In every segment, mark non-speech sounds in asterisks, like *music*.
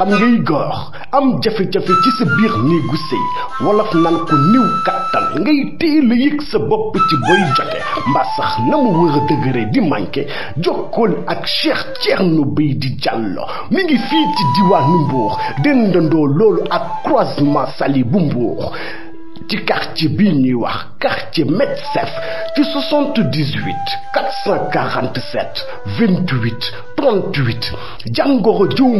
xam ngay góor am jafe-jafe ci sa biir néegu sëy wolof nan ko niw kattan ngay teel a yëg sa bopp ci boy jote mbaa na mu war a di manqué jokkool ak Cheikh Thierno Béy di Diallo mi ngi fii ci diwaanu Mbour dendandoo loolu ak croisement Sali bu Mbour ci ci bii ñuy wax kax ci quartier Metsef ci 78 447 28 38 jàngoro jiw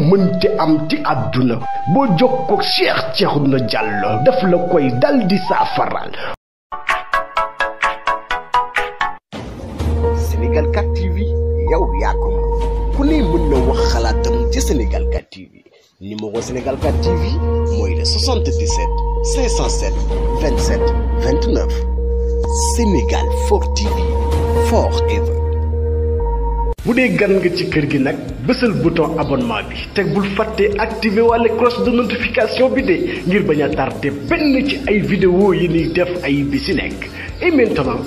am ci àdduna boo jokkoo Cheikh Thierno Diallo daf la koy dal di saafaral. Sénégal 4 TV yow yaa ku ne mën na wax xalaatam ci Sénégal 4 TV numéro Sénégal 4 TV mooy le Sénégal 4 TV forever. bu dee gan nga ci kër gi nag bésal bouton abonnement bi teg bul fàtte activé walla cloche de notification bi de ngir bañ a tardé benn ci ay vidéo yi ni def ay bi si nekk et maintenant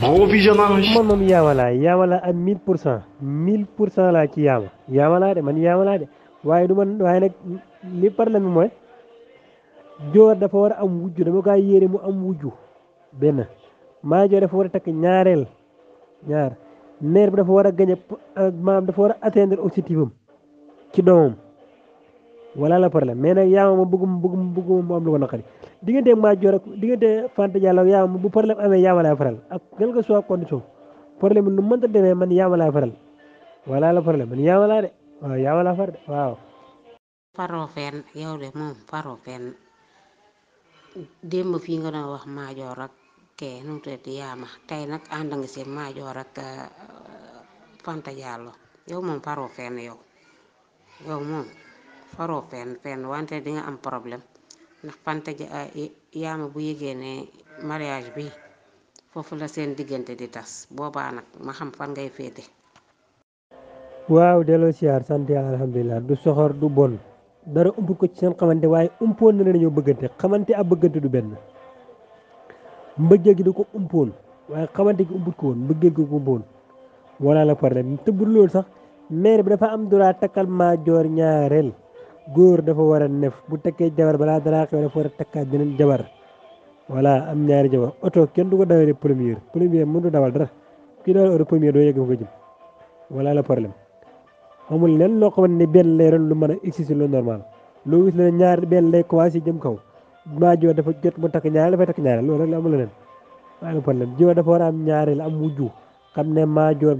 bon visionnage. man moom yaawalaa yaawalaa ak 1000 pour cent 1000 pour cent laa ci yaawa yaawalaa de man yaawalaa de waaye du man waaye nag li la bi mooy joor dafa war a am wujju dama kaa yéere mu am wujju benn maa joor dafa war a takk ñaareel ñaar. mère bi dafa war a gagné euh, maanaam dafa war a atteindre objectif am ci doomam voilà le problème mais nag yaamama bëggum bëggum bëggum mu am lu ko naqari diggante Madior ak diggante Fanta Diallo ak yaamama bu problème amee yaama laa faral ak quelle que soit condition problème bi nu mënta demee man yaama laa faral voilà le problème man yaama laa de waaw yaama laa far de waaw faroo fenn yow de moom faroo fenn démb fii nga doon wax Madior ak kee nu te tuddati yaama tey nag ànd ma si maajoor ak Fanta Diallo Yo moom faroo yo. Yo yow moom Fen, fen fenn wante di nga am problem ndax Fanta yama bu yégee ne mariage bi foofu la seen diggante di tas boobaa nag ma xam fan ngay féete. waaw delloo siyaar sant yàlla alhamdulilah du soxor du bon dara umpu ko ci seen xamante waaye umpoon na leen bëggante xamante bëggante du benn. mbëggeel gi da ko umpoon waaye xamante gi umput ko woon mbëggeel gi ko umpoon wala la problème te bu loolu sax maire bi dafa am droit takkal maajoor ñaareel góor dafa war a nef bu takkee jabar balaa dara xew dafa war a takkaat jabar voilà am ñaari jabar oto kenn du ko dawalee premier premier mënut dawal dara kii dawal oto premier doo ko jëm wala la problème amul leen loo xamante ne benn lay ron lu man a exister lu normal loo gis la ñaar benn lay commencé jëm kaw maa jiwa dafa jot mu takk ñaareel dafay takk ñaareel loolu rek la amul leneen waaye am a am ñaareel am wujju xam ne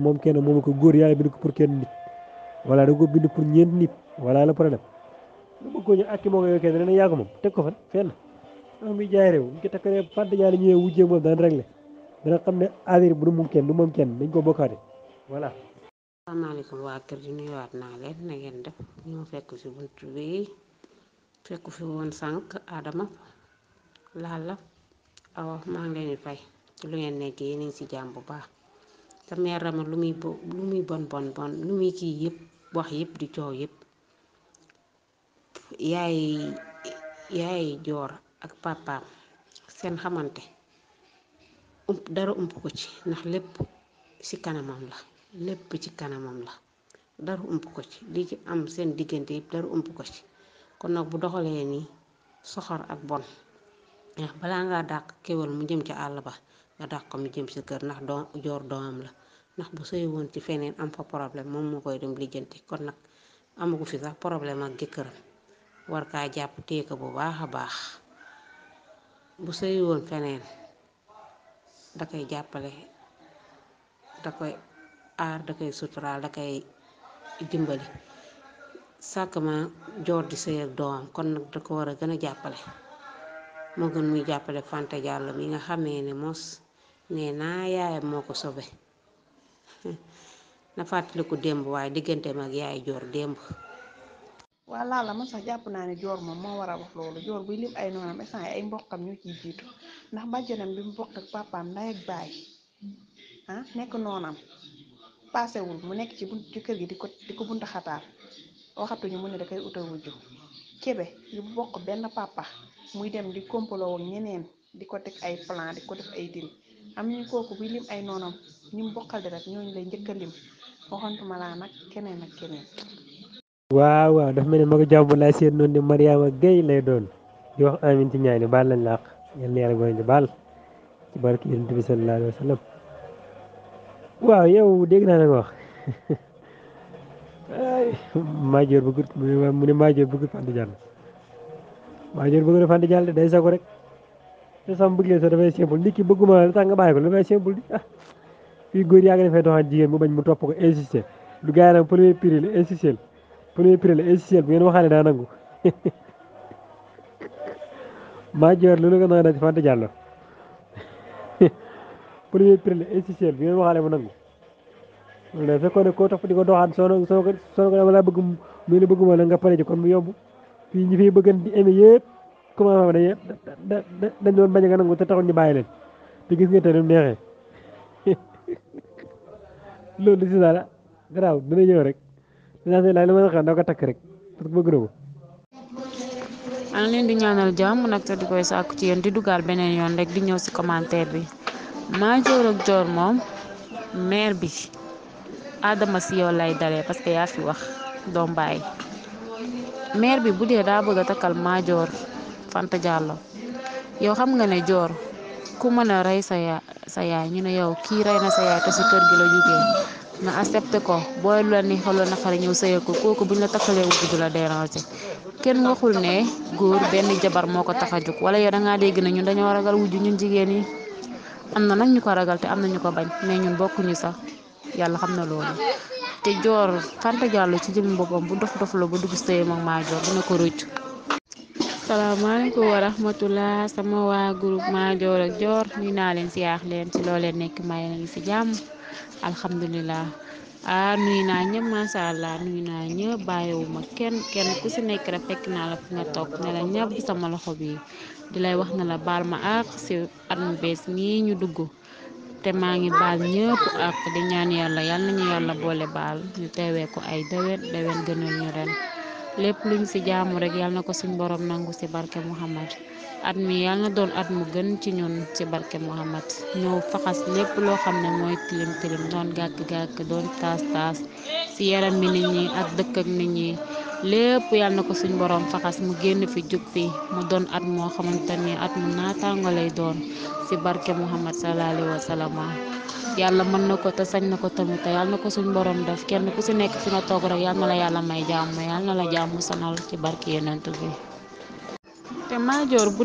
moom kenn ko góor yàlla bind ko pour kenn nit wala da ko bind pour ñeent nit wala la problème lu bëgg ko ñu akki moo ko yokkee dana moom ko fan fenn moom mi jaay réew ñu ko takkaree fàtte ñaari ñëwee wujjee moom dana réglé dana xam ne affaire bu du moom kenn moom kenn dañ ko bokkaate voilà asalaamaaleykum na ngeen def ñu fekk si fekku fi woon sank Adama lala la awa maa ngi leen fay ci lu ngeen nekk yi ci si bu baax te meer lu muy bon bon bon lu muy kii yëpp wax yëpp di coow yep yaay yaay joor ak sen seen xamante dara ump ko ci ndax lépp ci kanamam la lépp ci kanamam la dara ump ko ci li ci am sen diggante yëpp dara ump ko ci. kon nag bu doxalee nii soxor ak bon ndax balaa ngaa dàq kéwél mu jëm ca àll ba nga dàq ko mu jëm ci kër ndax doom joor doomam la ndax bu sëy woon ci feneen am fa problème moom moo koy dem lijjanti kon nag amagu fi sax problème ak jëkkëram war kaa jàpp téye bu baax a baax bu sëy woon feneen da koy jàppale da koy aar da koy suturaal da koy dimbali sàkkma joor di sëy ak kon nag ko war a gën a jàppale moo gën muy jàppale Fanta Diallo mi nga xamee ne mos nee naa yaayam moo ko sobe *laughs* na fàttaliku demb waaye digganteem ak yaay joor demb waa laala man sax jàpp naa ne joor moom moo war a wax loolu joor buy lim ay noonam instant ay mboqam ñu ciy jiitu ndax bàjjanam bi mu bokk ak papaam nday ak baay ah nekk noonam paasewul mu nekk ci bunt kër gi di ko di ko buntaxataal waxatuñu mu ne da koy uta wujju kebe yu bokk benn papa muy dem di kompaloo ak ñeneen di ko ay plan di ko ay dil am ñu kooku bi lim ay noonam ñu bokkal di rek ñooñu lay njëkk a lim waxantuma nag keneen ak keneen waaw waaw dafa mel ne ma ko jàpp laa seet noonu ne Mariama Gueye lay doon di wax amin ci ñaani baal lañ làq yal na yàlla boole baal ci barke yonent bi sallallahu alayhi waaw yow dégg wax *laughs* maajoor bëgg mu ne maajoor bëgg Fanta Diallo maajoor bëgg na Fanta Diallo day sago rek sa sama bëggee sa dafay simple ndikki ki bëgguma la tax nga bàyyi ko lu may simple di ah fii góor yaa ngi dafay doxaan jigéen mu bañ mu topp ko insister lu gars yi nag premier prix la insister premier prix la insister bu ngeen waxaane daa nangu *laughs* maajoor loolu nga naan ci Fanta Diallo *laughs* premier prix la insister bu ngeen waxaane mu nangu bu fekkoon ne koo topp di ko doxaan soo soo soo ko dama laa bëgg mu ne bëgguma la nga pare ji kon mu yomb fii ñi fiy bëggan di aimé yëpp commencé da yëpp dañ doon bañ a nga nangu te taxul ñu bàyyi leen te gis nga te nu neexee loolu si daal garaaw dina ñëw rek dinaa se laaj li ma la xam ko takk rek parce que bëgg na ko leen di ñaanal jàmm nag te di koy sàkku ci yéen di dugal beneen yoon rek di ñëw si commentaire bi maa joor ak joor moom maire bi Adama si yow lay dalee parce que yaa fi wax doom bàyyi maire bi bu dee daa bëgg takal takkal Madior Fanta Diallo yow xam nga ne joor ku mëna sa yaay ñu ne yow kii rey na sa yaay te si kër gi la jógee nga accepté ko booy lu la ni xolo naqari ñëw ko kooku buñ la takkalee du la kenn waxul ne góor benn jabar moo ko tax a jóg wala yow da ngaa dégg ne ñun dañoo ragal wujju ñun jigéen yi am na nag ragal te am na ñu ko bañ mais ñun bokkuñu sax yàlla xam na loolu te joor Fanta Diallo ci jëmmi boppam bu dof dof la ba dugg sëyam ak Madior dina ko rëccu salaamaaleykum wa rahmatullah sama waa groupe Madior ak Dior nuyu naa leen si yaax leen si loo leen nekk may na ngi si jàmm alhamdulilah ah nuyu naa ñëpp macha allah nuyu naa ñëpp bàyyiwuma kenn kenn ku si nekk rek fekk naa la fi nga toog ne la ñëpp sama loxo bi di lay wax na la baal ma ak si at mu bees nii ñu dugg te maa ngi baal ñëpp ak di ñaan yàlla yal nañu yàlla boole baal ñu teewee ko ay déwén déwén gënal ñu ren lépp luñ fi jaamu rek yal na ko suñ boroom nangu ci barke Muhammad at mi yal na doon at mu gën ci ñun ci barke Muhammad ñëw faxas lépp loo xam ne mooy tilim tilim doon gàkk gàkk doon taas taas ci yaram mi nit ñi ak dëkk ak nit ñi. lépp yàlla na ko suñ borom faxas mu génn fi jug fi mu doon at moo xamante at mu ci barke muhammad sallallahu alayhi wa sallam yàlla mën na ko sañ na tamit suñ borom def kenn ku si nekk fi nga toog rek yàlla na la yàlla may jàmm yàlla na la jàmm sanal ci barke yonent bi te bu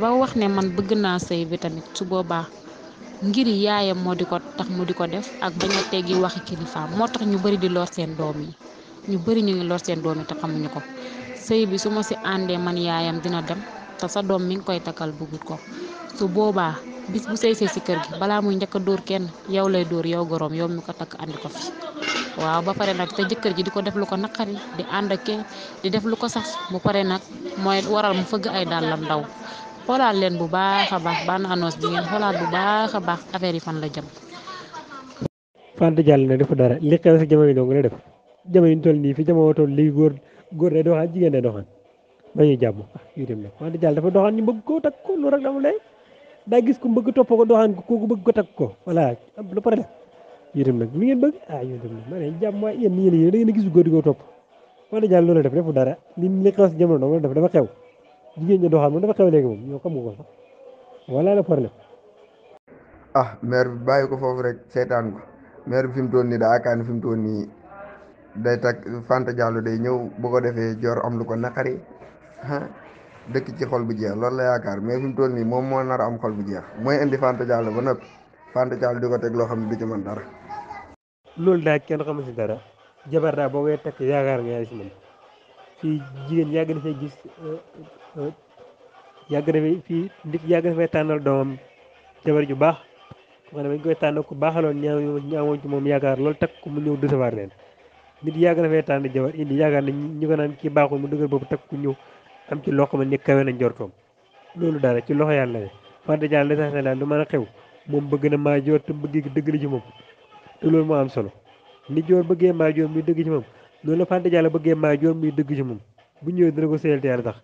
ba wax ne man bëgg naa sëy bi tamit su boobaa ngir yaayam tax mu def ak tegi a teggi waxi kilifaam ñu bari di lor seen ñu bëri ñu ngi lor seen doom yi te xamuñu ko sëy bi su ma si àndee man yaayam dina dem te sa doom mi ngi koy takkal bëggut ko su boobaa bis bu sëy sëy si kër gi balaa muy njëkk dóor kenn yow lay dóor yow goroom yow mi ko takk andi ko fi waaw ba pare nag te jëkkër ji di ko def lu ko naqari di ànd ak kenn di def lu ko sax mu pare nag mooy waral mu fëgg ay dàllam ndaw xoolaat leen bu baax a baax bànn annonce bi ngeen xoolaat bu baax a baax affaire yi fan la jëm. Fanta li xew si jamono yi jamono yi ñu nii fi jamono toll léegi góor góor day doxaan jigéen day doxaan ba ñuy jàmm ah yu dem la wante jàll dafa doxaan ñu bëgg koo takk ko loolu rek gis ku bëgg topp ko doxaan ko kooku bëgg ko takk ko voilà lu problème yu dem nag lu ngeen bëgg ah jàmm waaye yéen yéen yéen da góor di ko topp wante jàll loolu def defu dara li li jamono moom def dafa xew jigéen ñi doxaan moom dafa xew léegi moom yow xam nga ko sax voilà le problème ah, bi bàyyi ko foofu rek seetaan ko maire bi fi mu toon nii daa akaan fi mu toon nii day takk Fanta Diallo day ñëw bu ko defee Dior am lu ko naqari ah dëkk ci xol bu jeex loolu la yaakaar mais fi toll nii moom moo nar am xol bu jeex mooy indi Fanta Diallo ba noppi Fanta Diallo di ko teg loo xam ne du ci mën dara. loolu daal kenn xamu si dara jabar boo koy takk yaakaar nga yaay si man jigéen yàgg na fay gis euh, euh, yàgg na fay fii nit yàgg na fay tànnal jabar ju baax wax ne bañ koy tànn ku baaxaloon ñaaw ñaawoon ci moom yaakaar loolu takk ko mu ñëw décevoir leen. nit yàgg na fee tànn jabar indi yaakaar na ñi ko naan kii baaxul mu dëgër boobu takk ku ñëw am ci loo xamante ni kawe na njortoom loolu dara ci loxo yàlla ne fàtte daal la sax ne daal lu mën a xew moom bëgg na maa joor te bëgg dëgg la ci moom te loolu moo am solo ni joor bëggee maa joor muy dëgg ci moom loolu la fàtte daal la bëggee maa joor muy dëgg ci moom bu ñëwee dina ko sëyal te yàlla tax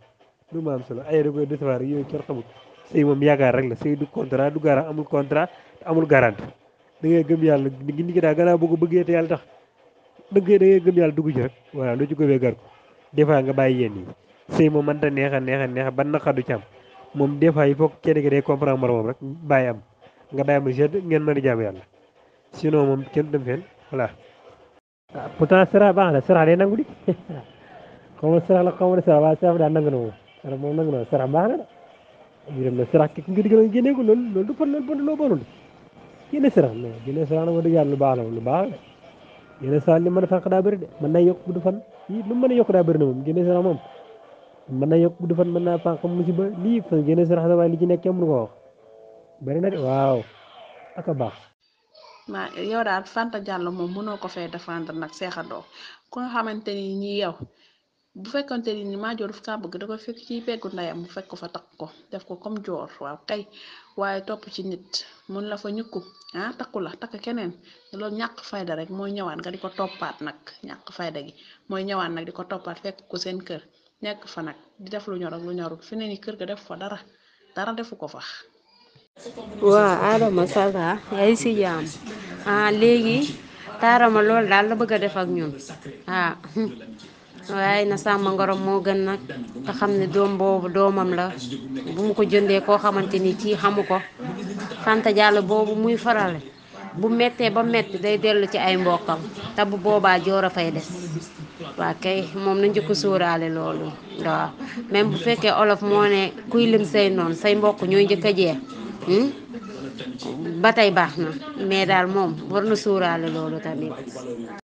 loolu moo am solo ay da koy recevoir yooyu cor xamul sëy moom yaakaar rek la sëy du contrat du garant amul contrat amul garante da ngay gëm yàlla nit ñi daa gannaaw boo ko bëggee te yàlla tax dëgg da ngay gëm yàlla dugg ci rek waaw lu ci gëmee gar ko des nga bàyyi yéen yi sëy moom mënta neexa neexa neexa ban na xadu ci am moom des yi il faut kenn ki day comprendre moromam rek bàyyi am nga bàyyi mu jëd ngeen mën a jaam yàlla sinon moom kenn dem fen voilà. ah pourtant sera baax la sera day nangu di *laughs* xaw sera la xaw ma sera waaye sera bi daal nangu na moom sera moom nangu na sera baax na la ñu na sera ki nga digal génne ko loolu loolu du fan loolu bon loo bonul génne sera mais génne sera nag wax dëgg yàlla lu baax la lu baax la. yeneen saa li mën a fànq de mën yokk gudd fan yii lu mu a yokk daa bëri na moom génne sarax moom mën naa yokk gudd fan mën naa musiba li ci nekk kenn mënu ko wax bëri na de waaw aka baax maa yow daal Fanta Diallo moom mënoo ko fee défendre nag seexandoo ku nga xamante ni ñi yow bu fekkonte ni maajoor daf kaa bëgg da koy fekk ci peggu ndayam mu fekk ko fa takk ko def ko comme joor waaw kay waaye topp ci nit mun la fa ñukku ah takku la takk keneen loolu ñàkk fayda rek mooy ñëwaat nga di ko toppaat nag ñàkk fayda gi mooy ñëwaat nag di ko toppaat fekk ko seen kër nekk fa nag di def lu ñor ak lu ñorul fi ne ni kër ga def fa dara dara defu ko fax waa Adama Salla yaay si jaam ah léegi taarama loolu daal la bëgg a def ak ñun ah. *laughs* waaye na sàmm ngorom moo gën nag te xam ne doom boobu doomam la bu mu ko jëndee koo xamante ni kii xamu ko Fanta Diallo boobu muy farale bu mettee ba metti day dellu ci ay mbokkam te boobaa joor a fay des waa kay moom nañ njëkk suuraale loolu waaw même bu fekkee olof moo ne kuy lim say noon say mbokk ñooy njëkk a jeex hmm? ba tey baax na mais daal moom war na sóoraale loolu tamit